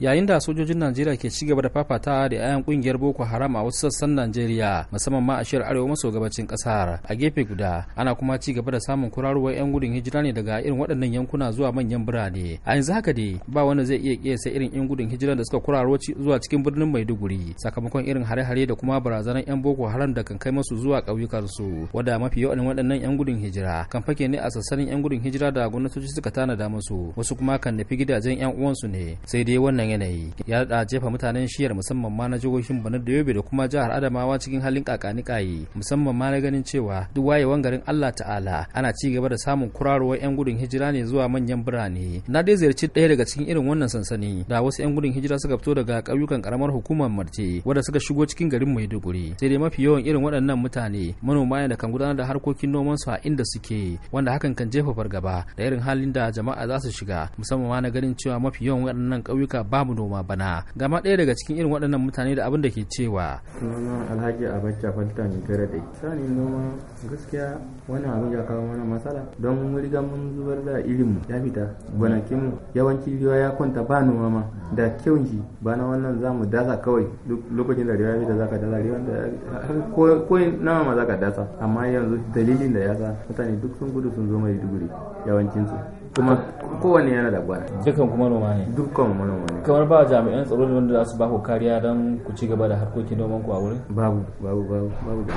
yayin da sojojin najeriya ke ci gaba da fafatawa da 'ya'yan kungiyar boko haram a wasu sassan najeriya musamman ma a shiyar arewa maso gabacin kasar a gefe guda ana kuma ci gaba da samun kurarowar 'yan gudun hijira ne daga irin waɗannan yankuna zuwa manyan birane a yanzu haka dai ba wanda zai iya kiyasa irin 'yan gudun hijira da suka kuraro zuwa cikin birnin maiduguri sakamakon irin hare-hare da kuma barazanar 'yan boko haram da kan kai masu zuwa ƙauyukansu wadda mafi yawan waɗannan 'yan gudun hijira kan fake ne a sassanin 'yan gudun hijira da gwamnatoci suka tanada musu wasu kuma kan nufi gidajen 'yan uwansu ne sai dai wannan wannan yanayi ya da jefa mutanen shiyar musamman ma na jihohin Borno da Yobe da kuma jihar Adamawa cikin halin kakanikaye musamman ma na ganin cewa duk wayewan garin Allah ta'ala ana ci gaba da samun kurarowar yan gudun hijira ne zuwa manyan birane na dai ziyarci ɗaya daga cikin irin wannan sansani da wasu yan gudun hijira suka fito daga ƙauyukan karamar hukumar Marte wanda suka shigo cikin garin Maiduguri sai dai mafi yawan irin waɗannan mutane manoma ne da kan gudanar da harkokin noman su a inda suke wanda hakan kan jefa fargaba da irin halin da jama'a za su shiga musamman ma na ganin cewa mafi yawan waɗannan ƙauyuka ba babu noma bana gama ɗaya daga cikin irin waɗannan mutane da abin da ke cewa sunana alhaji abacha faltan garade sani noma gaskiya wannan abin ya kawo mana matsala don mun riga mun zubar da irin ya fita gonakin mu yawanci ya kwanta ba noma ma da ji ba na wannan za mu dasa kawai lokacin da riwa da ka dasa riwa da ko nama ma za ka dasa amma yanzu dalilin da ya sa mutane duk sun gudu sun zo mai duguri yawancinsu. kuma kowane yana da gwana dukkan kuma noma ne dukkan manoma ne kamar ba jami'an tsaro ne wanda za su ba ku kariya don ku ci gaba da harkokin noman ku a wurin babu babu babu babu da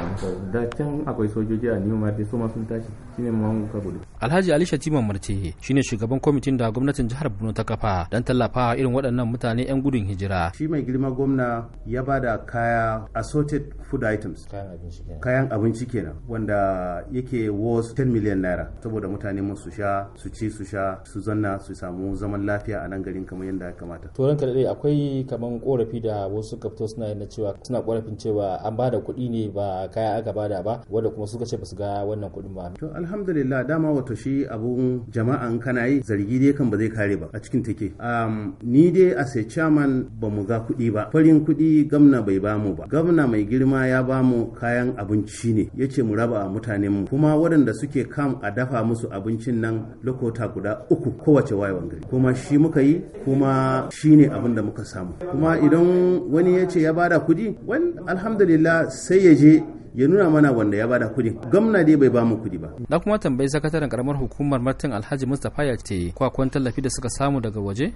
da can akwai sojoji a New Market su ma sun tashi shine mu ka gudu Alhaji Ali timon marti shine shugaban kwamitin da gwamnatin jihar Borno ta kafa don tallafa irin waɗannan mutane 'yan gudun hijira. Shi mai girma gwamna ya ba da kaya assorted food items. Kayan abinci kenan wanda yake worth 10 million naira saboda mutane mun su sha su ci su sha su zanna su samu zaman lafiya a nan garin kamar yadda ya kamata. To ranka dai akwai kaman korafi da wasu kafto suna na cewa suna korafin cewa an ba da kuɗi ne ba kaya aka da ba wanda kuma suka ce ba su ga wannan kuɗin ba. To alhamdulillah dama wato shi abun jama'an kana yi zargi dai kan ba zai kare ba a cikin take um, ni dai a sai chairman ba mu ga kuɗi ba farin kuɗi gamna bai ba mu ba gamna mai girma ya ba mu kayan abinci ne ya ce mu raba mutanen mu kuma waɗanda suke kam a dafa musu abincin nan lokota guda uku kowace wayewan gari kuma shi muka yi kuma shi ne abin da muka samu kuma idan wani ya ce ya bada kuɗi wani alhamdulillah sai ya je ya nuna mana wanda ya bada kudin gwamna dai bai ba mu kudi ba na kuma tambayi sakataren karamar hukumar martin alhaji mustapha ya ce kwakwan tallafi da suka samu daga waje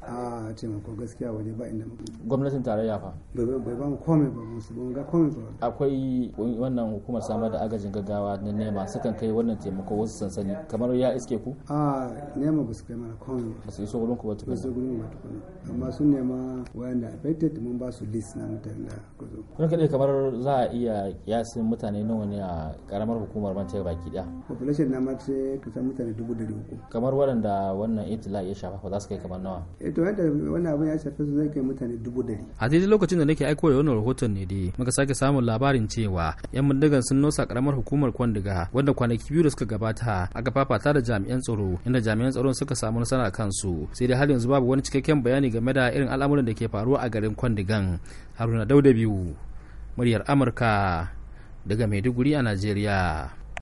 ce ma ko gaskiya waje ba inda mu gwamnatin tarayya fa bai ba mu komai ba mu su ga komai ba akwai wannan hukumar samar da agajin gaggawa na nema sukan kai wannan taimako wasu sansani kamar ya iske ku a nema ba su kai mana komai ba su iso gurin ku ba tukuna su gurin ku ba tukuna amma sun nema wayanda affected mun ba su list na mutane da ku zo kun kaɗai kamar za a iya yasin mutane nawa ne a karamar hukumar manta baki daya population na mace kusan mutane dubu dari uku kamar waɗanda wannan itila ya shafa ba za su kai kamar nawa eh to yadda wani abu ya shafe su zai kai mutane dubu dari. a daidai lokacin da nake aiko da wannan rahoton ne dai muka sake samun labarin cewa yan bindigan sun nosa karamar hukumar kwandiga wanda kwanaki biyu da suka gabata aka fafata da jami'an tsaro inda jami'an tsaron suka samu nasara kansu sai dai har yanzu babu wani cikakken bayani game da irin al'amuran da ke faruwa a garin kwandigan haruna dauda biyu muryar amurka daga maiduguri a najeriya